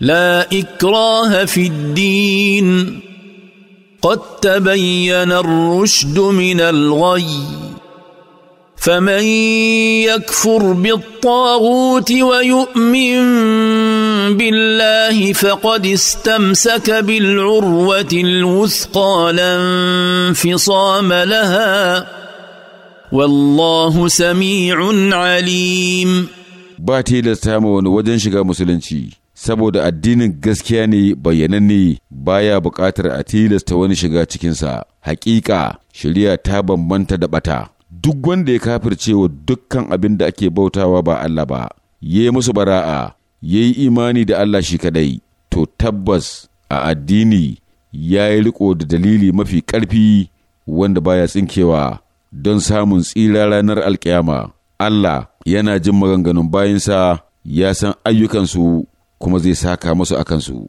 لا اكراه في الدين قد تبين الرشد من الغي فمن يكفر بالطاغوت ويؤمن بالله فقد استمسك بالعروه الوثقى لا انفصام لها والله سميع عليم باتي لستامون ودن شيغا saboda addinin gaskiya ne bayyananne baya buƙatar a tilasta wani shiga cikinsa hakika shari'a ta bambanta da bata duk wanda ya kafircewa dukkan abin da ake bautawa ba Allah ba ya musu bara'a ya yi imani da Allah shi kadai to tabbas a addini ya yi riko da dalili mafi ƙarfi wanda baya tsinkewa don samun tsira ranar alkiyama Allah yana jin maganganun bayansa ya san ayyukansu kuma zai saka musu akansu.